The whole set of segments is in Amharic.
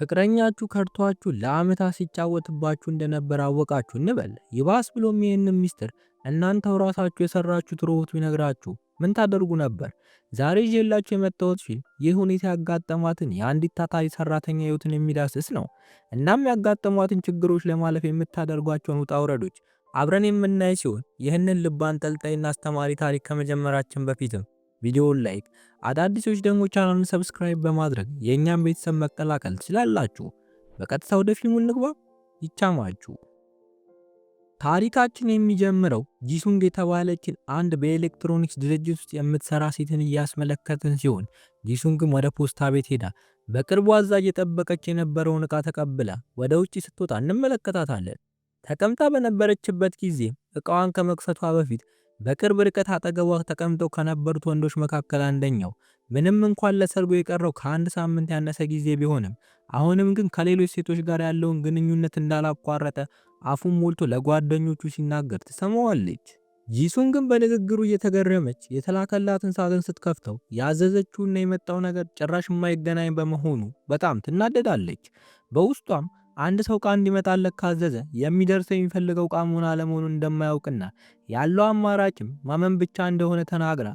ፍቅረኛችሁ ከርቷችሁ ለአመታት ሲጫወትባችሁ እንደነበር አወቃችሁ እንበል። ይባስ ብሎም ይህን ሚስጥር እናንተው ራሳችሁ የሰራችሁት ሮቦት ቢነግራችሁ ምን ታደርጉ ነበር? ዛሬ ይዤላችሁ የመጣሁት ፊልም ይህ ሁኔታ ያጋጠማትን የአንዲት ታታሪ ሰራተኛ ህይወትን የሚዳስስ ነው። እናም ያጋጠሟትን ችግሮች ለማለፍ የምታደርጓቸውን ውጣ ውረዶች አብረን የምናይ ሲሆን ይህንን ልብ አንጠልጣይና አስተማሪ ታሪክ ከመጀመራችን በፊትም ቪዲዮውን ላይክ፣ አዳዲሶች ደግሞ ቻናሉን ሰብስክራይብ በማድረግ የእኛም ቤተሰብ መቀላቀል ትችላላችሁ። በቀጥታ ወደ ፊልሙ እንግባ። ይቻማችሁ ታሪካችን የሚጀምረው ጂሱንግ የተባለችን አንድ በኤሌክትሮኒክስ ድርጅት ውስጥ የምትሰራ ሴትን እያስመለከትን ሲሆን ጂሱንግም ወደ ፖስታ ቤት ሄዳ በቅርቡ አዛዥ የጠበቀች የነበረውን እቃ ተቀብላ ወደ ውጭ ስትወጣ እንመለከታታለን። ተቀምጣ በነበረችበት ጊዜ እቃዋን ከመክሰቷ በፊት በቅርብ ርቀት አጠገቧ ተቀምጠው ከነበሩት ወንዶች መካከል አንደኛው ምንም እንኳን ለሰርጉ የቀረው ከአንድ ሳምንት ያነሰ ጊዜ ቢሆንም አሁንም ግን ከሌሎች ሴቶች ጋር ያለውን ግንኙነት እንዳላቋረጠ አፉን ሞልቶ ለጓደኞቹ ሲናገር ትሰማዋለች። ጂሱን ግን በንግግሩ እየተገረመች የተላከላትን ሳጥን ስትከፍተው ያዘዘችውና የመጣው ነገር ጭራሽ የማይገናኝ በመሆኑ በጣም ትናደዳለች። በውስጧም አንድ ሰው እቃ እንዲመጣለት ካዘዘ የሚደርሰው የሚፈልገው እቃ መሆን አለመሆኑን እንደማያውቅና ያለው አማራጭም ማመን ብቻ እንደሆነ ተናግራ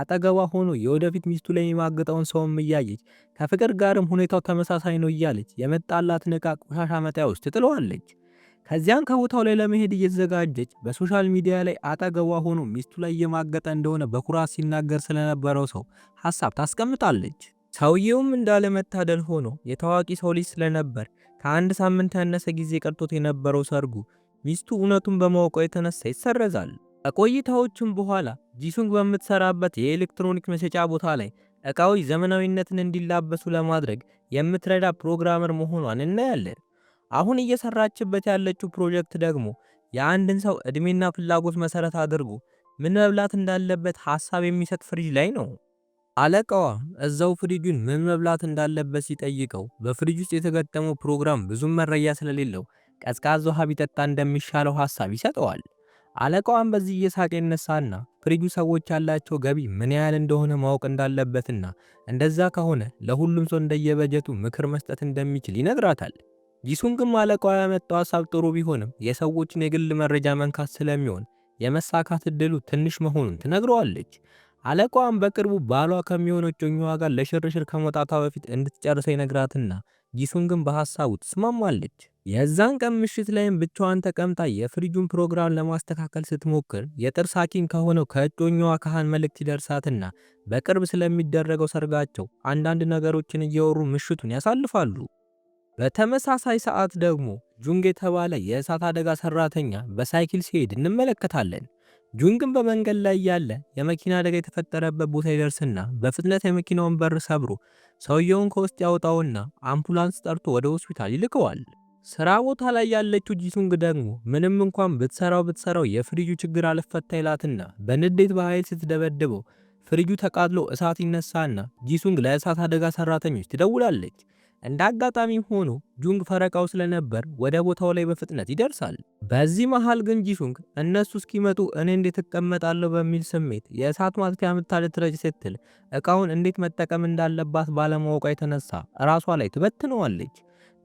አጠገቧ ሆኖ የወደፊት ሚስቱ ላይ የሚማግጠውን ሰውም እያየች ከፍቅር ጋርም ሁኔታው ተመሳሳይ ነው እያለች የመጣላትን እቃ ቆሻሻ መጣያ ውስጥ ትጥለዋለች። ከዚያን ከቦታው ላይ ለመሄድ እየተዘጋጀች በሶሻል ሚዲያ ላይ አጠገቧ ሆኖ ሚስቱ ላይ እየማገጠ እንደሆነ በኩራት ሲናገር ስለነበረው ሰው ሀሳብ ታስቀምጣለች። ሰውየውም እንዳለመታደል ሆኖ የታዋቂ ሰው ልጅ ስለነበር ከአንድ ሳምንት ያነሰ ጊዜ ቀርቶት የነበረው ሰርጉ ሚስቱ እውነቱን በማወቋ የተነሳ ይሰረዛል። ከቆይታዎቹም በኋላ ጂሱንግ በምትሰራበት የኤሌክትሮኒክ መሸጫ ቦታ ላይ እቃዎች ዘመናዊነትን እንዲላበሱ ለማድረግ የምትረዳ ፕሮግራመር መሆኗን እናያለን። አሁን እየሰራችበት ያለችው ፕሮጀክት ደግሞ የአንድን ሰው እድሜና ፍላጎት መሰረት አድርጎ ምን መብላት እንዳለበት ሐሳብ የሚሰጥ ፍሪጅ ላይ ነው። አለቃዋ እዛው ፍሪጁን ምን መብላት እንዳለበት ሲጠይቀው በፍሪጅ ውስጥ የተገጠመው ፕሮግራም ብዙም መረጃ ስለሌለው ቀዝቃዛ ውሃ ቢጠጣ እንደሚሻለው ሀሳብ ይሰጠዋል። አለቃዋም በዚህ እየሳቀ ይነሳና ፍሪጁ ሰዎች ያላቸው ገቢ ምን ያህል እንደሆነ ማወቅ እንዳለበትና እንደዛ ከሆነ ለሁሉም ሰው እንደየበጀቱ ምክር መስጠት እንደሚችል ይነግራታል። ግን አለቃዋ ያመጣው ሀሳብ ጥሩ ቢሆንም የሰዎችን የግል መረጃ መንካት ስለሚሆን የመሳካት እድሉ ትንሽ መሆኑን ትነግረዋለች። አለቋም በቅርቡ ባሏ ከሚሆነው እጮኛዋ ጋር ለሽርሽር ከመውጣቷ በፊት እንድትጨርሰ ይነግራትና ግን በሐሳቡ ትስማማለች። የዛን ቀን ምሽት ላይም ብቻዋን ተቀምጣ የፍሪጁን ፕሮግራም ለማስተካከል ስትሞክር የጥርስ ሐኪም ከሆነው ከእጮኛዋ ካህን መልእክት ይደርሳትና በቅርብ ስለሚደረገው ሰርጋቸው አንዳንድ ነገሮችን እየወሩ ምሽቱን ያሳልፋሉ። በተመሳሳይ ሰዓት ደግሞ ጁንግ የተባለ የእሳት አደጋ ሰራተኛ በሳይክል ሲሄድ እንመለከታለን። ጁን ግን በመንገድ ላይ ያለ የመኪና አደጋ የተፈጠረበት ቦታ ይደርስና በፍጥነት የመኪናውን በር ሰብሮ ሰውየውን ከውስጥ ያወጣውና አምቡላንስ ጠርቶ ወደ ሆስፒታል ይልከዋል። ስራ ቦታ ላይ ያለችው ጂሱንግ ደግሞ ምንም እንኳን ብትሰራው ብትሰራው የፍሪጁ ችግር አልፈታ ይላትና በንዴት በኃይል ስትደበድበው ፍሪጁ ተቃጥሎ እሳት ይነሳና ጂሱንግ ለእሳት አደጋ ሰራተኞች ትደውላለች። እንደ አጋጣሚ ሆኖ ጁንግ ፈረቃው ስለነበር ወደ ቦታው ላይ በፍጥነት ይደርሳል። በዚህ መሃል ግን ጂሹንግ እነሱ እስኪመጡ እኔ እንዴት እቀመጣለሁ በሚል ስሜት የእሳት ማጥፊያ ምታ ልትረጭ ስትል እቃውን እንዴት መጠቀም እንዳለባት ባለማወቋ የተነሳ ራሷ ላይ ትበትነዋለች።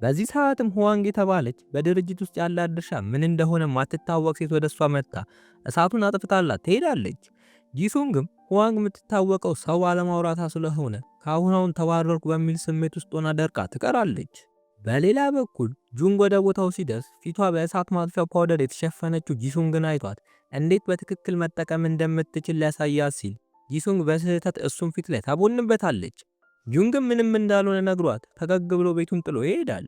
በዚህ ሰዓትም ሁዋንግ የተባለች በድርጅት ውስጥ ያላት ድርሻ ምን እንደሆነ ማትታወቅ ሴት ወደ እሷ መጥታ እሳቱን አጥፍታላት ትሄዳለች። ጂሱንግም ሁዋንግ የምትታወቀው ሰው አለማውራታ ስለሆነ ከአሁን አሁን ተባረርኩ በሚል ስሜት ውስጥ ሆና ደርቃ ትቀራለች። በሌላ በኩል ጁንግ ወደ ቦታው ሲደርስ ፊቷ በእሳት ማጥፊያ ፓውደር የተሸፈነችው ጂሱንግን አይቷት እንዴት በትክክል መጠቀም እንደምትችል ሊያሳያት ሲል ጂሱንግ በስህተት እሱን ፊት ላይ ታቦንበታለች። ጁንግ ምንም እንዳልሆነ ነግሯት ፈገግ ብሎ ቤቱን ጥሎ ይሄዳል።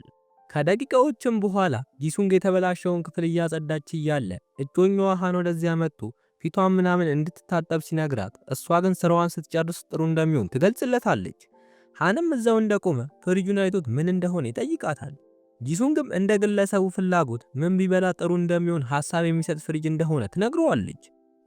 ከደቂቃዎችም በኋላ ጂሱንግ የተበላሸውን ክፍል እያጸዳች እያለ እጮኛዋ ሃን ወደዚያ መጥቶ ፊቷን ምናምን እንድትታጠብ ሲነግራት እሷ ግን ስራዋን ስትጨርስ ጥሩ እንደሚሆን ትገልጽለታለች። ሃንም እዛው እንደቆመ ፍሪጁን አይቶት ምን እንደሆነ ይጠይቃታል። ጂሱንግም እንደ ግለሰቡ ፍላጎት ምን ቢበላ ጥሩ እንደሚሆን ሀሳብ የሚሰጥ ፍሪጅ እንደሆነ ትነግረዋለች።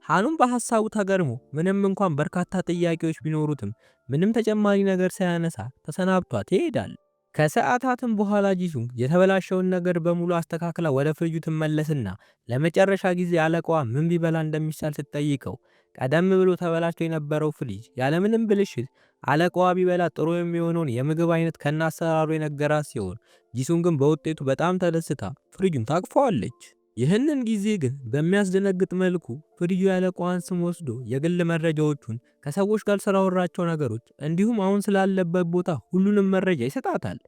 ሃኑም በሀሳቡ ተገርሞ ምንም እንኳን በርካታ ጥያቄዎች ቢኖሩትም ምንም ተጨማሪ ነገር ሳያነሳ ተሰናብቷት ይሄዳል። ከሰዓታትም በኋላ ጂሱ የተበላሸውን ነገር በሙሉ አስተካክላ ወደ ፍርጁ ትመለስና ለመጨረሻ ጊዜ አለቃዋ ምን ቢበላ እንደሚሻል ስትጠይቀው ቀደም ብሎ ተበላሽቶ የነበረው ፍሪጅ ያለምንም ብልሽት አለቃዋ ቢበላ ጥሩ የሚሆነውን የምግብ አይነት ከናሰራሩ የነገራት ሲሆን ጂሱን ግን በውጤቱ በጣም ተደስታ ፍሪጁን ታቅፈዋለች። ይህንን ጊዜ ግን በሚያስደነግጥ መልኩ ፍርዩ ያለቃዋን ስም ወስዶ የግል መረጃዎቹን ከሰዎች ጋር ስላወራቸው ነገሮች እንዲሁም አሁን ስላለበት ቦታ ሁሉንም መረጃ ይሰጣታል።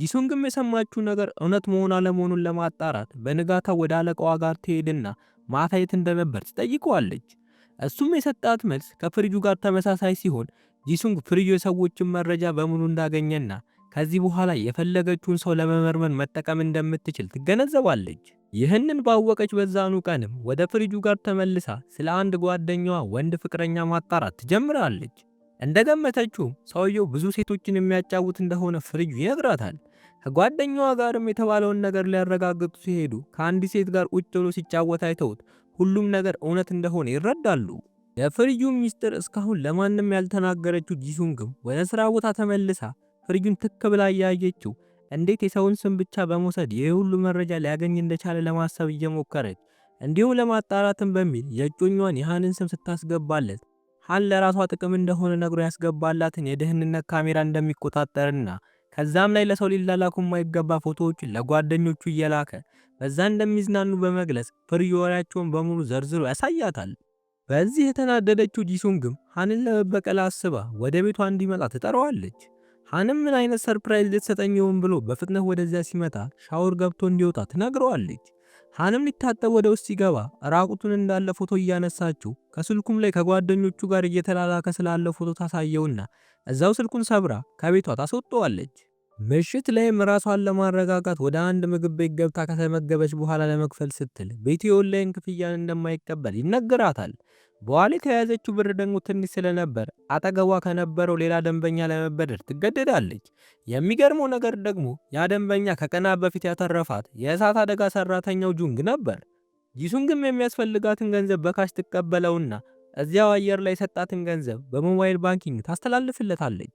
ጂሱንግም የሰማችው ነገር እውነት መሆን አለመሆኑን ለማጣራት በንጋታ ወደ አለቃዋ ጋር ትሄድና ማታ የት እንደነበር ትጠይቀዋለች። እሱም የሰጣት መልስ ከፍርዩ ጋር ተመሳሳይ ሲሆን ጂሱንግ ፍርዩ የሰዎችን መረጃ በሙሉ እንዳገኘና ከዚህ በኋላ የፈለገችውን ሰው ለመመርመር መጠቀም እንደምትችል ትገነዘባለች። ይህንን ባወቀች በዛኑ ቀንም ወደ ፍሪጁ ጋር ተመልሳ ስለ አንድ ጓደኛዋ ወንድ ፍቅረኛ ማጣራት ትጀምራለች። እንደገመተችውም ሰውየው ብዙ ሴቶችን የሚያጫውት እንደሆነ ፍሪጁ ይነግራታል። ከጓደኛዋ ጋርም የተባለውን ነገር ሊያረጋግጡ ሲሄዱ ከአንዲት ሴት ጋር ቁጭ ብሎ ሲጫወት አይተውት ሁሉም ነገር እውነት እንደሆነ ይረዳሉ። የፍሪጁ ሚስጥር እስካሁን ለማንም ያልተናገረችው ጂሱንግም ወደ ስራ ቦታ ተመልሳ ፍሪጁን ትክ ብላ እያየችው እንዴት የሰውን ስም ብቻ በመውሰድ ይህ ሁሉ መረጃ ሊያገኝ እንደቻለ ለማሰብ እየሞከረች እንዲሁም ለማጣራትም በሚል የእጮኛዋን የሃንን ስም ስታስገባለት ሃን ለራሷ ጥቅም እንደሆነ ነግሮ ያስገባላትን የደህንነት ካሜራ እንደሚቆጣጠርና ከዛም ላይ ለሰው ሊላላኩ የማይገባ ፎቶዎችን ለጓደኞቹ እየላከ በዛ እንደሚዝናኑ በመግለጽ ፍሪ ወሬያቸውን በሙሉ ዘርዝሮ ያሳያታል። በዚህ የተናደደችው ጂሱንግም ሃንን ለመበቀል አስባ ወደ ቤቷ እንዲመጣ ትጠራዋለች። ሃንም ምን አይነት ሰርፕራይዝ ልትሰጠኝ ብሎ በፍጥነት ወደዚያ ሲመጣ ሻወር ገብቶ እንዲወጣ ትነግረዋለች። ሃንም ሊታጠብ ወደ ውስጥ ሲገባ ራቁቱን እንዳለ ፎቶ እያነሳችው ከስልኩም ላይ ከጓደኞቹ ጋር እየተላላከ ስላለ ፎቶ ታሳየውና እዛው ስልኩን ሰብራ ከቤቷ ታስወጠዋለች። ምሽት ላይም ራሷን ለማረጋጋት ወደ አንድ ምግብ ቤት ገብታ ከተመገበች በኋላ ለመክፈል ስትል ቤቱ የኦንላይን ክፍያን እንደማይቀበል ይነገራታል። በዋሌት የያዘችው ብር ደግሞ ትንሽ ስለነበር አጠገቧ ከነበረው ሌላ ደንበኛ ለመበደር ትገደዳለች። የሚገርመው ነገር ደግሞ ያ ደንበኛ ከቀና በፊት ያተረፋት የእሳት አደጋ ሰራተኛው ጁንግ ነበር። ጂሱንግም የሚያስፈልጋትን ገንዘብ በካሽ ትቀበለውና እዚያው አየር ላይ የሰጣትን ገንዘብ በሞባይል ባንኪንግ ታስተላልፍለታለች።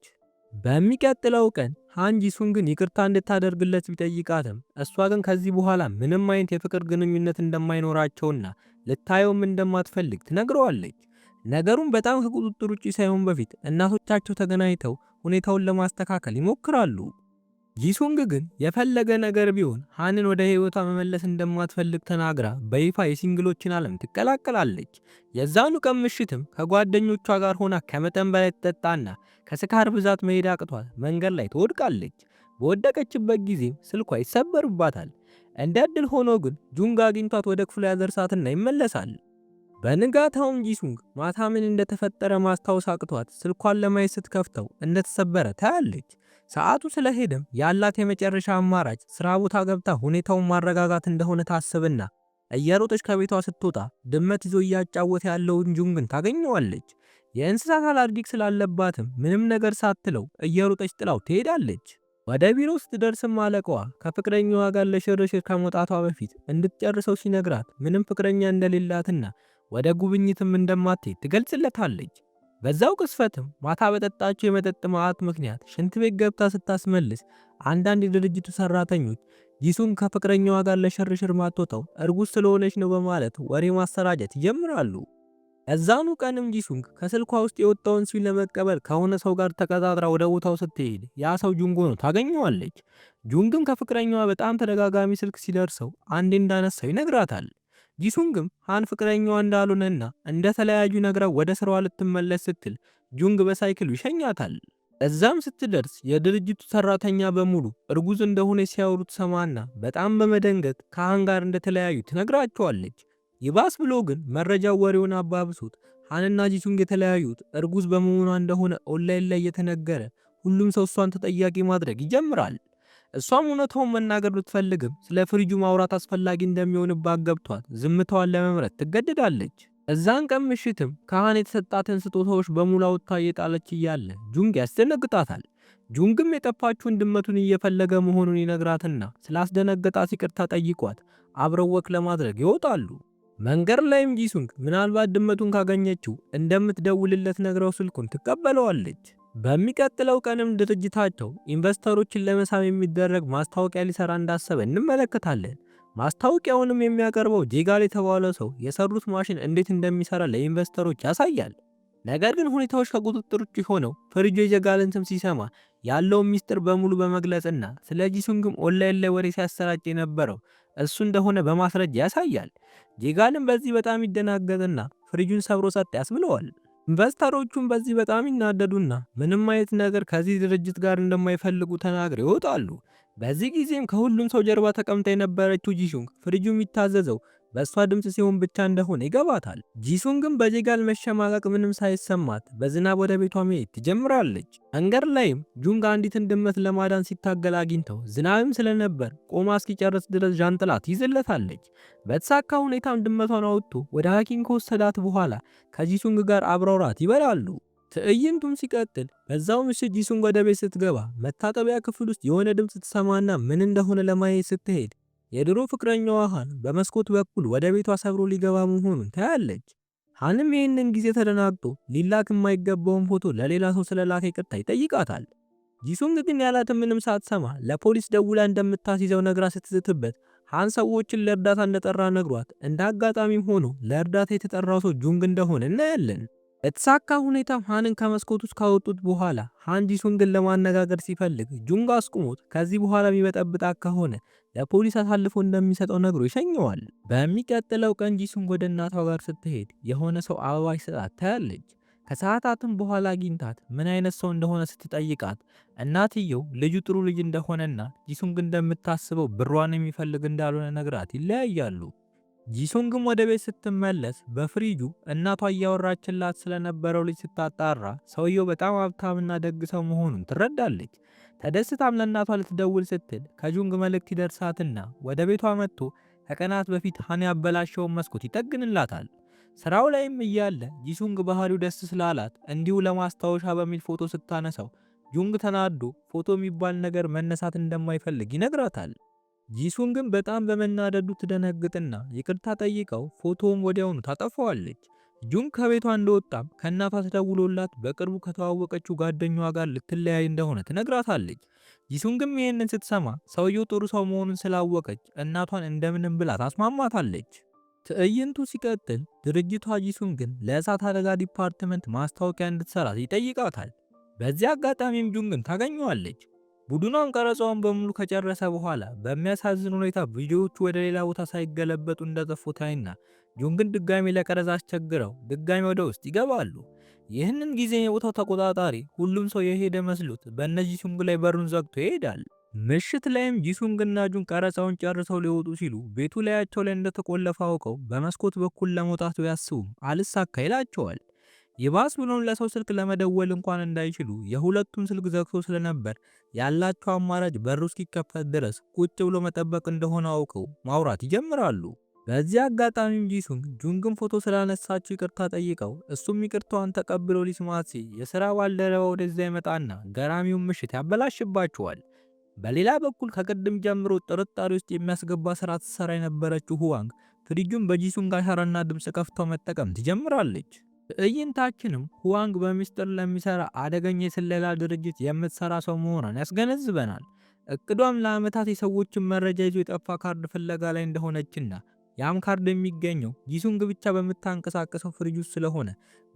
በሚቀጥለው ቀን ሃንጂሱን ግን ይቅርታ እንድታደርግለት ቢጠይቃትም እሷ ግን ከዚህ በኋላ ምንም አይነት የፍቅር ግንኙነት እንደማይኖራቸውና ልታየውም እንደማትፈልግ ትነግረዋለች። ነገሩን በጣም ከቁጥጥር ውጪ ሳይሆን በፊት እናቶቻቸው ተገናኝተው ሁኔታውን ለማስተካከል ይሞክራሉ። ጂሱንግ ግን የፈለገ ነገር ቢሆን ሃንን ወደ ህይወቷ መመለስ እንደማትፈልግ ተናግራ በይፋ የሲንግሎችን ዓለም ትቀላቀላለች። የዛኑ ቀን ምሽትም ከጓደኞቿ ጋር ሆና ከመጠን በላይ ትጠጣና ከስካር ብዛት መሄድ አቅቷት መንገድ ላይ ትወድቃለች። በወደቀችበት ጊዜም ስልኳ ይሰበርባታል። እንደ ዕድል ሆኖ ግን ጁንግ አግኝቷት ወደ ክፍሉ ያደርሳትና ይመለሳል። በንጋታውም ጂሱንግ ማታ ምን እንደተፈጠረ ማስታወስ አቅቷት ስልኳን ለማየት ስትከፍተው እንደተሰበረ ታያለች። ሰዓቱ ስለሄደም ያላት የመጨረሻ አማራጭ ስራ ቦታ ገብታ ሁኔታውን ማረጋጋት እንደሆነ ታስብና እየሮጠች ከቤቷ ስትወጣ ድመት ይዞ እያጫወተ ያለውን ጁንግን ታገኘዋለች። የእንስሳት አለርጂክ ስላለባትም ምንም ነገር ሳትለው እየሮጠች ጥላው ትሄዳለች። ወደ ቢሮ ስትደርስም አለቃዋ ከፍቅረኛዋ ጋር ለሽርሽር ከመውጣቷ በፊት እንድትጨርሰው ሲነግራት ምንም ፍቅረኛ እንደሌላትና ወደ ጉብኝትም እንደማትሄድ ትገልጽለታለች። በዛው ቅስፈትም ማታ በጠጣችው የመጠጥ መዓት ምክንያት ሽንት ቤት ገብታ ስታስመልስ አንዳንድ የድርጅቱ ሰራተኞች ጂሱን ከፍቅረኛዋ ጋር ለሽርሽር ማቶተው እርጉዝ ስለሆነች ነው በማለት ወሬ ማሰራጨት ይጀምራሉ። እዛኑ ቀንም ጂሱንግ ከስልኳ ውስጥ የወጣውን ሲል ለመቀበል ከሆነ ሰው ጋር ተቀጣጥራ ወደ ቦታው ስትሄድ ያ ሰው ጁንጎ ነው ታገኘዋለች። ጁንግም ከፍቅረኛዋ በጣም ተደጋጋሚ ስልክ ሲደርሰው አንዴ እንዳነሳው ይነግራታል። ጂሱንግም ሃን ፍቅረኛዋ እንዳልሆነና እንደተለያዩ ነግረው ወደ ስራዋ ልትመለስ ስትል ጁንግ በሳይክሉ ይሸኛታል። እዛም ስትደርስ የድርጅቱ ሰራተኛ በሙሉ እርጉዝ እንደሆነ ሲያወሩት ሰማና በጣም በመደንገጥ ከሃን ጋር እንደተለያዩ ትነግራቸዋለች። ይባስ ብሎ ግን መረጃው ወሬውን አባብሶት ሃንና ጂሱንግ የተለያዩት እርጉዝ በመሆኗ እንደሆነ ኦንላይን ላይ እየተነገረ ሁሉም ሰው እሷን ተጠያቂ ማድረግ ይጀምራል። እሷም እውነታውን መናገር ብትፈልግም ስለ ፍሪጁ ማውራት አስፈላጊ እንደሚሆንባት ገብቷት ዝምታዋን ለመምረት ትገደዳለች። እዛን ቀን ምሽትም ካህን የተሰጣትን ስጦታዎች በሙሉ አውጥታ እየጣለች እያለ ጁንግ ያስደነግጣታል። ጁንግም የጠፋችውን ድመቱን እየፈለገ መሆኑን ይነግራትና ስላስደነገጣት ይቅርታ ጠይቋት አብረው ወክ ለማድረግ ይወጣሉ። መንገድ ላይም ጂሱንግ ምናልባት ድመቱን ካገኘችው እንደምትደውልለት ነግረው ስልኩን ትቀበለዋለች። በሚቀጥለው ቀንም ድርጅታቸው ኢንቨስተሮችን ለመሳብ የሚደረግ ማስታወቂያ ሊሰራ እንዳሰበ እንመለከታለን። ማስታወቂያውንም የሚያቀርበው ጄጋል የተባለ ሰው የሰሩት ማሽን እንዴት እንደሚሰራ ለኢንቨስተሮች ያሳያል። ነገር ግን ሁኔታዎች ከቁጥጥር ውጭ ሆነው ፈሪጆ የጀጋልን ስም ሲሰማ ያለውን ሚስጥር በሙሉ በመግለጽና ስለ ጂሱንግም ኦንላይን ላይ ወሬ ሲያሰራጭ የነበረው እሱ እንደሆነ በማስረጃ ያሳያል። ጂጋልም በዚህ በጣም ይደናገጥና ፍሪጁን ሰብሮ ሰጥ ያስብለዋል። ኢንቨስተሮቹም በዚህ በጣም ይናደዱና ምንም አይነት ነገር ከዚህ ድርጅት ጋር እንደማይፈልጉ ተናግረው ይወጣሉ። በዚህ ጊዜም ከሁሉም ሰው ጀርባ ተቀምጣ የነበረችው ጂሹንግ ፍሪጁ የሚታዘዘው በእሷ ድምፅ ሲሆን ብቻ እንደሆነ ይገባታል። ጂሱን ግን በጀጋል መሸማቀቅ ምንም ሳይሰማት በዝናብ ወደ ቤቷ መሄድ ትጀምራለች። መንገድ ላይም ጁንግ አንዲትን ድመት ለማዳን ሲታገል አግኝተው ዝናብም ስለነበር ቆማ እስኪጨርስ ድረስ ዣንጥላ ትይዝለታለች። በተሳካ ሁኔታም ድመቷን አውጥቶ ወደ ሐኪም ከወሰዳት በኋላ ከጂሱንግ ጋር አብረውራት ይበላሉ። ትዕይንቱም ሲቀጥል በዛው ምሽት ጂሱንግ ወደ ቤት ስትገባ መታጠቢያ ክፍል ውስጥ የሆነ ድምፅ ትሰማና ምን እንደሆነ ለማየት ስትሄድ የድሮ ፍቅረኛዋ ሃን በመስኮት በኩል ወደ ቤቷ ሰብሮ ሊገባ መሆኑን ታያለች። ሃንም ይህንን ጊዜ ተደናግጦ ሊላክ የማይገባውን ፎቶ ለሌላ ሰው ስለላከ ይቅርታ ይጠይቃታል። ጂሱንግ ግን ያላት ምንም ሳትሰማ ለፖሊስ ደውላ እንደምታስይዘው ነግራ ስትዝትበት ሃን ሰዎችን ለእርዳታ እንደጠራ ነግሯት እንደ አጋጣሚ ሆኖ ለእርዳታ የተጠራው ሰው ጁንግ እንደሆነ እናያለን። በተሳካ ሁኔታ ሃንን ከመስኮት ውስጥ ካወጡት በኋላ ሃን ጂሱንግን ለማነጋገር ሲፈልግ ጁንግ አስቁሞት ከዚህ በኋላ የሚበጠብጣ ከሆነ ለፖሊስ አሳልፎ እንደሚሰጠው ነግሮ ይሸኘዋል። በሚቀጥለው ቀን ጂሱን ወደ እናቷ ጋር ስትሄድ የሆነ ሰው አበባ ይሰጣት ታያለች። ከሰዓታትም በኋላ አግኝታት ምን አይነት ሰው እንደሆነ ስትጠይቃት እናትየው ልጁ ጥሩ ልጅ እንደሆነና ጂሱን ግን እንደምታስበው ብሯን የሚፈልግ እንዳልሆነ ነግራት ይለያያሉ። ጂሱንግ ወደ ቤት ስትመለስ በፍሪጁ እናቷ እያወራችላት ስለነበረው ልጅ ስታጣራ ሰውየው በጣም ሀብታምና ደግ ሰው መሆኑን ትረዳለች። ተደስታም ለእናቷ ልትደውል ስትል ከጁንግ መልእክት ይደርሳትና ወደ ቤቷ መጥቶ ከቀናት በፊት ሃን ያበላሸውን መስኮት ይጠግንላታል። ስራው ላይም እያለ ጂሱንግ ባህሪው ደስ ስላላት እንዲሁ ለማስታወሻ በሚል ፎቶ ስታነሳው ጁንግ ተናዶ ፎቶ የሚባል ነገር መነሳት እንደማይፈልግ ይነግራታል። ጂሱንግም በጣም በመናደዱ ትደነግጥና ይቅርታ ጠይቀው ፎቶውም ወዲያውኑ ታጠፋዋለች። ጁን ከቤቷ እንደወጣም ከእናቷ ተደውሎላት በቅርቡ ከተዋወቀችው ጓደኛዋ ጋር ልትለያይ እንደሆነ ትነግራታለች። ግን ይህንን ስትሰማ ሰውየው ጥሩ ሰው መሆኑን ስላወቀች እናቷን እንደምንም ብላ ታስማማታለች። ትዕይንቱ ሲቀጥል ድርጅቷ ግን ለእሳት አደጋ ዲፓርትመንት ማስታወቂያ እንድትሰራ ይጠይቃታል። በዚያ አጋጣሚም ግን ታገኘዋለች። ቡድኑ ቀረጻውን በሙሉ ከጨረሰ በኋላ በሚያሳዝን ሁኔታ ቪዲዮዎቹ ወደ ሌላ ቦታ ሳይገለበጡ እንደጠፉ ታይና ጆንግን ድጋሚ ለቀረጻ አስቸግረው ድጋሚ ወደ ውስጥ ይገባሉ። ይህንን ጊዜ የቦታው ተቆጣጣሪ ሁሉም ሰው የሄደ መስሎት በእነዚህ ሱንግ ላይ በሩን ዘግቶ ይሄዳል። ምሽት ላይም ጂሱንግ እና ጁን ቀረጻውን ጨርሰው ሊወጡ ሲሉ ቤቱ ላያቸው ላይ እንደተቆለፈ አውቀው በመስኮት በኩል ለመውጣት ቢያስቡም አልሳካ ይላቸዋል። ይባስ ብሎን ለሰው ስልክ ለመደወል እንኳን እንዳይችሉ የሁለቱም ስልክ ዘግቶ ስለነበር ያላቸው አማራጭ በሩ እስኪከፈት ድረስ ቁጭ ብሎ መጠበቅ እንደሆነ አውቀው ማውራት ይጀምራሉ። በዚህ አጋጣሚ ጂሱን ጁንግን ፎቶ ስላነሳችው ይቅርታ ጠይቀው እሱም ይቅርታዋን ተቀብሎ ሊስማት ሲል የሥራ ባልደረባ ወደዛ ይመጣና ገራሚውን ምሽት ያበላሽባቸዋል። በሌላ በኩል ከቅድም ጀምሮ ጥርጣሬ ውስጥ የሚያስገባ ስራ ትሰራ የነበረችው ሁዋንግ ፍሪጁን በጂሱን ጋሻራና ድምፅ ከፍተው መጠቀም ትጀምራለች። ትዕይንታችንም ሁዋንግ በሚስጥር ለሚሰራ አደገኛ የስለላ ድርጅት የምትሰራ ሰው መሆኗን ያስገነዝበናል። እቅዷም ለዓመታት የሰዎችን መረጃ ይዞ የጠፋ ካርድ ፍለጋ ላይ እንደሆነችና ያም ካርድ የሚገኘው ጂሱንግ ብቻ በምታንቀሳቀሰው ፍሪጅ ውስጥ ስለሆነ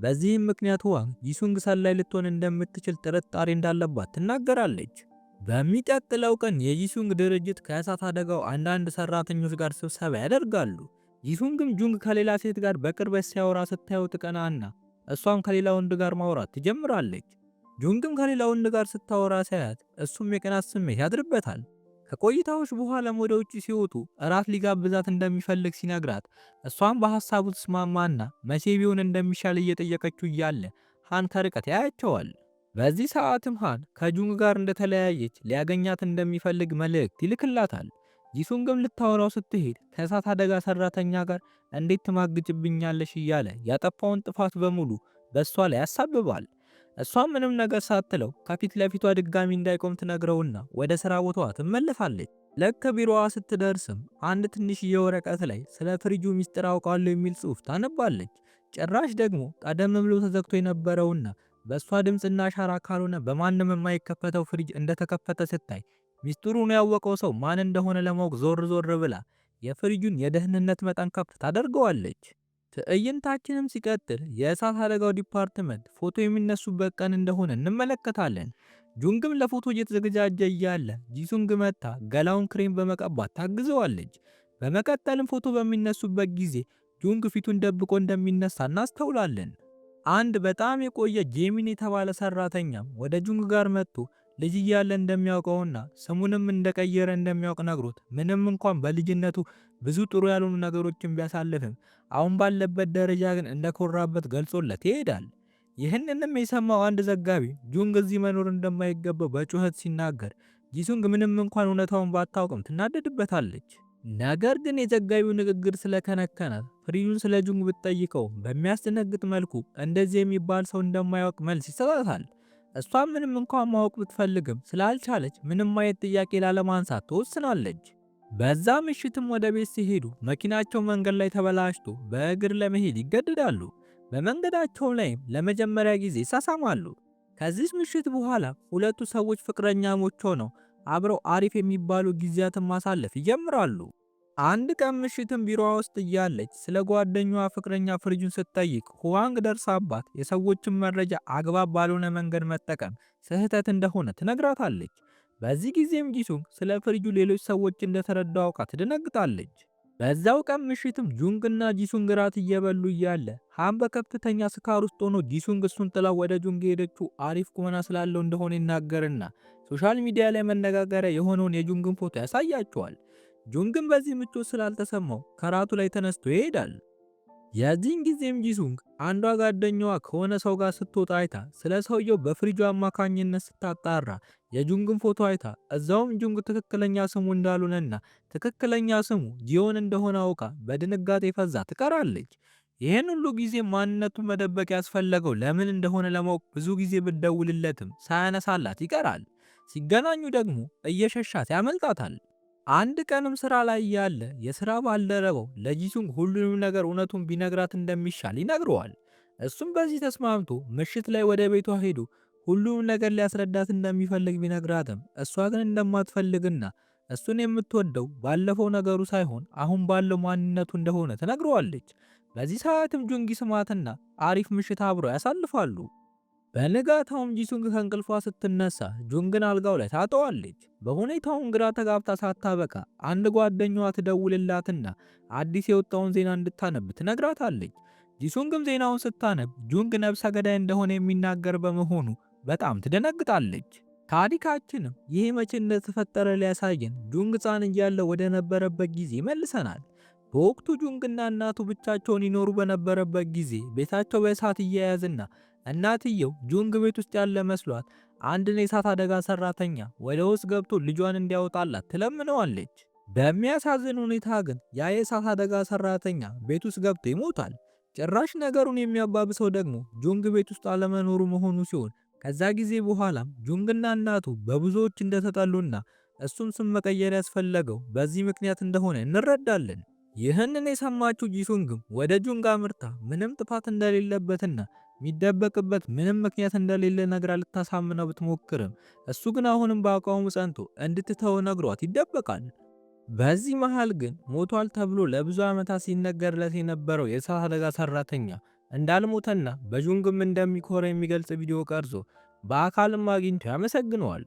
በዚህም ምክንያት ሁዋንግ ጂሱንግ ሰላይ ልትሆን እንደምትችል ጥርጣሬ እንዳለባት ትናገራለች። በሚቀጥለው ቀን የጂሱንግ ድርጅት ከእሳት አደጋው አንዳንድ ሰራተኞች ጋር ስብሰባ ያደርጋሉ። ጂሱንግም ጁንግ ከሌላ ሴት ጋር በቅርበት ሲያወራ ስታየው ትቀናና እሷም ከሌላ ወንድ ጋር ማውራት ትጀምራለች። ጁንግም ከሌላ ወንድ ጋር ስታወራ ሲያያት እሱም የቅናት ስሜት ያድርበታል። ከቆይታዎች በኋላም ወደ ውጭ ሲወጡ እራት ሊጋብዛት እንደሚፈልግ ሲነግራት እሷም በሐሳቡ ትስማማና መቼ ቢሆን እንደሚሻል እየጠየቀችው እያለ ሃን ከርቀት ያያቸዋል። በዚህ ሰዓትም ሃን ከጁንግ ጋር እንደተለያየች ሊያገኛት እንደሚፈልግ መልእክት ይልክላታል። ጂሱንግም ልታወራው ስትሄድ ከእሳት አደጋ ሰራተኛ ጋር እንዴት ትማግጭብኛለሽ እያለ ያጠፋውን ጥፋት በሙሉ በእሷ ላይ ያሳብባል። እሷ ምንም ነገር ሳትለው ከፊት ለፊቷ ድጋሚ እንዳይቆም ትነግረውና ወደ ስራ ቦታዋ ትመለሳለች። ለከ ቢሮዋ ስትደርስም አንድ ትንሽዬ ወረቀት ላይ ስለ ፍሪጁ ሚስጥር አውቃለሁ የሚል ጽሑፍ ታነባለች። ጭራሽ ደግሞ ቀደም ብሎ ተዘግቶ የነበረውና በእሷ ድምፅና አሻራ ካልሆነ በማንም የማይከፈተው ፍሪጅ እንደተከፈተ ስታይ ሚስጥሩን ያወቀው ሰው ማን እንደሆነ ለማወቅ ዞር ዞር ብላ የፍሪጁን የደህንነት መጠን ከፍ ታደርገዋለች። ትዕይንታችንም ሲቀጥል የእሳት አደጋው ዲፓርትመንት ፎቶ የሚነሱበት ቀን እንደሆነ እንመለከታለን። ጁንግም ለፎቶ እየተዘገጃጀ እያለ ጂሱን ግመታ ገላውን ክሬም በመቀባት ታግዘዋለች። በመቀጠልም ፎቶ በሚነሱበት ጊዜ ጁንግ ፊቱን ደብቆ እንደሚነሳ እናስተውላለን። አንድ በጣም የቆየ ጄሚን የተባለ ሰራተኛም ወደ ጁንግ ጋር መጥቶ ልጅ እያለ እንደሚያውቀውና ስሙንም እንደቀየረ እንደሚያውቅ ነግሮት ምንም እንኳን በልጅነቱ ብዙ ጥሩ ያልሆኑ ነገሮችን ቢያሳልፍም አሁን ባለበት ደረጃ ግን እንደኮራበት ገልጾለት ይሄዳል። ይህንንም የሰማው አንድ ዘጋቢ ጁንግ እዚህ መኖር እንደማይገባው በጩኸት ሲናገር ጂሱንግ ምንም እንኳን እውነታውን ባታውቅም ትናደድበታለች። ነገር ግን የዘጋቢው ንግግር ስለከነከናት ፍሪዩን ስለ ጁንግ ብትጠይቀው በሚያስደነግጥ መልኩ እንደዚህ የሚባል ሰው እንደማያውቅ መልስ ይሰጣታል። እሷ ምንም እንኳን ማወቅ ብትፈልግም ስላልቻለች ምንም አይነት ጥያቄ ላለማንሳት ትወስናለች። በዛ ምሽትም ወደ ቤት ሲሄዱ መኪናቸው መንገድ ላይ ተበላሽቶ በእግር ለመሄድ ይገደዳሉ። በመንገዳቸው ላይም ለመጀመሪያ ጊዜ ይሳሳማሉ። ከዚህ ምሽት በኋላ ሁለቱ ሰዎች ፍቅረኛሞች ሆነው አብረው አሪፍ የሚባሉ ጊዜያትን ማሳለፍ ይጀምራሉ። አንድ ቀን ምሽትም ቢሮዋ ውስጥ እያለች ስለ ጓደኛዋ ፍቅረኛ ፍርጁን ስትጠይቅ ሁዋንግ ደርሳባት የሰዎችን መረጃ አግባብ ባልሆነ መንገድ መጠቀም ስህተት እንደሆነ ትነግራታለች። በዚህ ጊዜም ጂሱንግ ስለ ፍርጁ ሌሎች ሰዎች እንደተረዳ አውቃ ትደነግጣለች። በዛው ቀን ምሽትም ጁንግና ጂሱንግ ራት እየበሉ እያለ ሃም በከፍተኛ ስካር ውስጥ ሆኖ ጂሱንግ እሱን ጥላው ወደ ጁንግ የሄደችው አሪፍ ቁመና ስላለው እንደሆነ ይናገርና ሶሻል ሚዲያ ላይ መነጋገሪያ የሆነውን የጁንግን ፎቶ ያሳያቸዋል። ጁን ግን በዚህ ምቾት ስላልተሰማው ከራቱ ላይ ተነስቶ ይሄዳል። የዚህን ጊዜም ጂሱንግ አንዷ ጓደኛዋ ከሆነ ሰው ጋር ስትወጣ አይታ ስለ ሰውየው በፍሪጁ አማካኝነት ስታጣራ የጁንግን ፎቶ አይታ እዛውም ጁንግ ትክክለኛ ስሙ እንዳሉነና ትክክለኛ ስሙ ጂዮን እንደሆነ አውቃ በድንጋጤ ፈዛ ትቀራለች። ይህን ሁሉ ጊዜ ማንነቱን መደበቅ ያስፈለገው ለምን እንደሆነ ለማወቅ ብዙ ጊዜ ብደውልለትም ሳያነሳላት ይቀራል። ሲገናኙ ደግሞ እየሸሻት ያመልጣታል። አንድ ቀንም ስራ ላይ ያለ የስራ ባልደረባው ለጂሱንግ ሁሉንም ነገር እውነቱን ቢነግራት እንደሚሻል ይነግረዋል። እሱም በዚህ ተስማምቶ ምሽት ላይ ወደ ቤቷ ሄዶ ሁሉም ነገር ሊያስረዳት እንደሚፈልግ ቢነግራትም እሷ ግን እንደማትፈልግና እሱን የምትወደው ባለፈው ነገሩ ሳይሆን አሁን ባለው ማንነቱ እንደሆነ ትነግረዋለች። በዚህ ሰዓትም ጁንጊ ስማትና አሪፍ ምሽት አብረው ያሳልፋሉ። በንጋታውም ጂሱንግ ከእንቅልፏ ስትነሳ ጁንግን አልጋው ላይ ታጠዋለች። በሁኔታውም ግራ ተጋብታ ሳታበቃ አንድ ጓደኛዋ ትደውልላትና አዲስ የወጣውን ዜና እንድታነብ ትነግራታለች። ጂሱንግም ዜናውን ስታነብ ጁንግ ነብሰ ገዳይ እንደሆነ የሚናገር በመሆኑ በጣም ትደነግጣለች። ታሪካችንም ይህ መቼ እንደተፈጠረ ሊያሳየን ጁንግ ሕፃን እያለ ወደ ነበረበት ጊዜ መልሰናል። በወቅቱ ጁንግና እናቱ ብቻቸውን ይኖሩ በነበረበት ጊዜ ቤታቸው በእሳት እያያዝና እናትየው ጁንግ ቤት ውስጥ ያለ መስሏት አንድን የእሳት አደጋ ሰራተኛ ወደ ውስጥ ገብቶ ልጇን እንዲያወጣላት ትለምነዋለች። በሚያሳዝን ሁኔታ ግን ያ የእሳት አደጋ ሰራተኛ ቤት ውስጥ ገብቶ ይሞታል። ጭራሽ ነገሩን የሚያባብሰው ደግሞ ጁንግ ቤት ውስጥ አለመኖሩ መሆኑ ሲሆን ከዛ ጊዜ በኋላም ጁንግና እናቱ በብዙዎች እንደተጠሉና እሱም ስም መቀየር ያስፈለገው በዚህ ምክንያት እንደሆነ እንረዳለን። ይህንን የሰማችው ጂሱንግም ወደ ጁንግ አምርታ ምንም ጥፋት እንደሌለበትና የሚደበቅበት ምንም ምክንያት እንደሌለ ነግራ ልታሳምነው ብትሞክርም እሱ ግን አሁንም በአቋሙ ጸንቶ እንድትተው ነግሯት ይደበቃል። በዚህ መሃል ግን ሞቷል ተብሎ ለብዙ ዓመታት ሲነገርለት የነበረው የእሳት አደጋ ሰራተኛ እንዳልሞተና በጁንግም እንደሚኮረ የሚገልጽ ቪዲዮ ቀርጾ በአካልም አግኝቶ ያመሰግነዋል።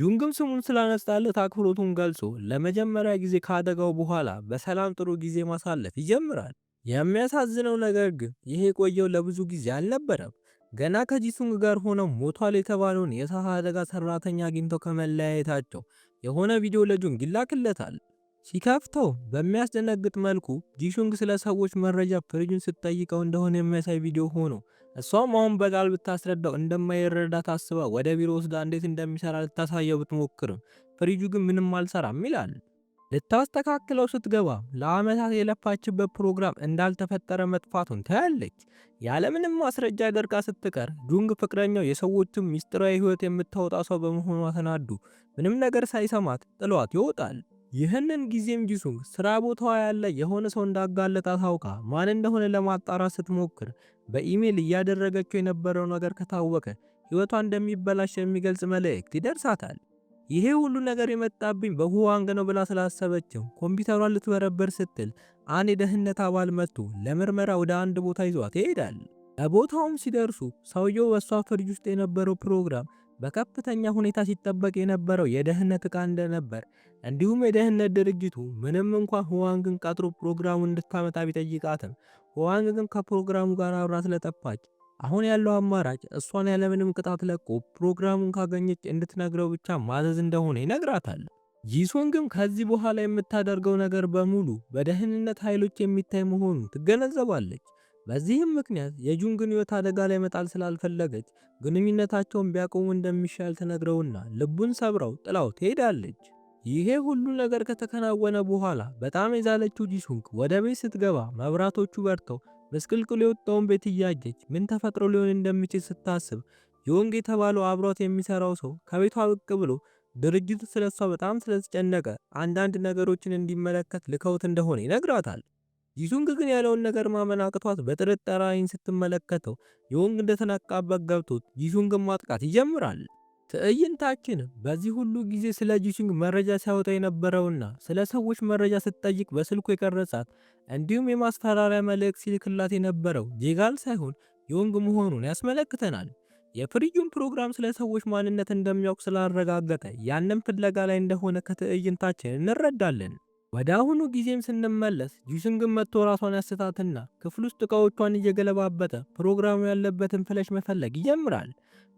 ጁንግም ስሙን ስላነጻለት አክብሮቱን ገልጾ ለመጀመሪያ ጊዜ ካደጋው በኋላ በሰላም ጥሩ ጊዜ ማሳለፍ ይጀምራል። የሚያሳዝነው ነገር ግን ይህ የቆየው ለብዙ ጊዜ አልነበረም። ገና ከጂሱንግ ጋር ሆነው ሞቷል የተባለውን የእሳት አደጋ ሰራተኛ አግኝተው ከመለያየታቸው የሆነ ቪዲዮ ለጁንግ ይላክለታል። ሲከፍተው በሚያስደነግጥ መልኩ ጂሹንግ ስለ ሰዎች መረጃ ፍሪጁን ስትጠይቀው እንደሆነ የሚያሳይ ቪዲዮ ሆኖ እሷም አሁን በቃል ብታስረዳው እንደማይረዳ ታስባ ወደ ቢሮ ወስዳ እንዴት እንደሚሰራ ልታሳየው ብትሞክርም ፍሪጁ ግን ምንም አልሰራም ይላል። ልታስተካክለው ስትገባ ለዓመታት የለፋችበት ፕሮግራም እንዳልተፈጠረ መጥፋቱን ታያለች። ያለምንም ማስረጃ ደርቃ ስትቀር ጁንግ ፍቅረኛው የሰዎችን ሚስጥራዊ ህይወት የምታወጣ ሰው በመሆኗ ተናዱ ምንም ነገር ሳይሰማት ጥሏት ይወጣል። ይህንን ጊዜም ጂሱንግ ስራ ቦታዋ ያለ የሆነ ሰው እንዳጋለጣ ታውቃ ማን እንደሆነ ለማጣራት ስትሞክር በኢሜይል እያደረገችው የነበረው ነገር ከታወቀ ሕይወቷ እንደሚበላሽ የሚገልጽ መልእክት ይደርሳታል። ይሄ ሁሉ ነገር የመጣብኝ በሁዋንግ ነው ብላ ስላሰበችው ኮምፒውተሯን ልትበረበር ስትል አንድ የደህንነት አባል መጥቶ ለምርመራ ወደ አንድ ቦታ ይዟት ይሄዳል። ለቦታውም ሲደርሱ ሰውየው በሷ ፍሪጅ ውስጥ የነበረው ፕሮግራም በከፍተኛ ሁኔታ ሲጠበቅ የነበረው የደህንነት እቃ እንደነበር እንዲሁም የደህንነት ድርጅቱ ምንም እንኳን ሁዋንግን ቀጥሮ ፕሮግራሙን እንድታመጣ ቢጠይቃትም ሁዋንግ ግን ከፕሮግራሙ ጋር አብራ ስለጠፋች አሁን ያለው አማራጭ እሷን ያለምንም ቅጣት ለቆ ፕሮግራሙን ካገኘች እንድትነግረው ብቻ ማዘዝ እንደሆነ ይነግራታል። ጂሶንግም ከዚህ በኋላ የምታደርገው ነገር በሙሉ በደህንነት ኃይሎች የሚታይ መሆኑን ትገነዘባለች። በዚህም ምክንያት የጁን ግንዮት አደጋ ላይ መጣል ስላልፈለገች ግንኙነታቸውን ቢያቆሙ እንደሚሻል ትነግረውና ልቡን ሰብረው ጥላው ትሄዳለች። ይሄ ሁሉ ነገር ከተከናወነ በኋላ በጣም የዛለችው ጂሱንግ ወደ ቤት ስትገባ መብራቶቹ በርተው ምስቅልቅሉ የወጣውን ቤት እያየች ምን ተፈጥሮ ሊሆን እንደሚችል ስታስብ የወንግ የተባለው አብሯት የሚሰራው ሰው ከቤቷ ብቅ ብሎ ድርጅቱ ስለሷ በጣም ስለተጨነቀ አንዳንድ ነገሮችን እንዲመለከት ልከውት እንደሆነ ይነግራታል። ጂሱንግ ግን ያለውን ነገር ማመን አቅቷት በጥርጣሬ ስትመለከተው የወንግ እንደተነቃበት ገብቶት ጂሱንግን ማጥቃት ይጀምራል። ትዕይንታችንም በዚህ ሁሉ ጊዜ ስለ ጂቺንግ መረጃ ሲያወጣ የነበረውና ስለ ሰዎች መረጃ ስትጠይቅ በስልኩ የቀረጻት እንዲሁም የማስፈራሪያ መልእክት ሲልክላት የነበረው ጄጋል ሳይሆን ዮንግ መሆኑን ያስመለክተናል። የፍሪጁን ፕሮግራም ስለ ሰዎች ማንነት እንደሚያውቅ ስላረጋገጠ ያንም ፍለጋ ላይ እንደሆነ ከትዕይንታችን እንረዳለን። ወደ አሁኑ ጊዜም ስንመለስ ጂቺንግን መጥቶ ራሷን ያስታትና ክፍል ውስጥ እቃዎቿን እየገለባበጠ ፕሮግራሙ ያለበትን ፍለሽ መፈለግ ይጀምራል።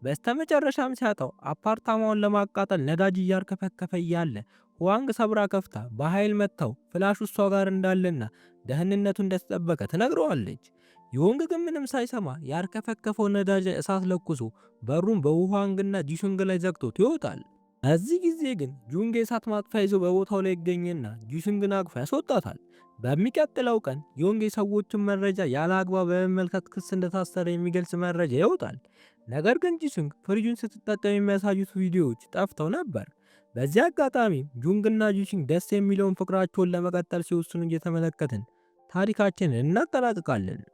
በስተመጨረሻም ሲያጣው አፓርታማውን ለማቃጠል ነዳጅ እያርከፈከፈ እያለ ሁዋንግ ሰብራ ከፍታ በኃይል መጥተው ፍላሽ እሷ ጋር እንዳለና ደህንነቱ እንደተጠበቀ ትነግረዋለች። ዮንግ ግን ምንም ሳይሰማ ያርከፈከፈው ነዳጅ እሳት ለኩሶ በሩን በውሃንግና ጂሹንግ ላይ ዘግቶት ይወጣል። በዚህ ጊዜ ግን ጁንግ የእሳት ማጥፊያ ይዞ በቦታው ላይ ይገኝና ጂሹንግን አቅፎ ያስወጣታል። በሚቀጥለው ቀን ዮንግ የሰዎችን መረጃ ያለ አግባብ በመመልከት ክስ እንደታሰረ የሚገልጽ መረጃ ይወጣል። ነገር ግን ጂሱንግ ፍሪጁን ስትጠቀም የሚያሳዩት ቪዲዮዎች ጠፍተው ነበር። በዚህ አጋጣሚ ጁንግና ጂሱንግ ደስ የሚለውን ፍቅራቸውን ለመቀጠል ሲወስኑ እየተመለከትን ታሪካችንን እናጠናቅቃለን።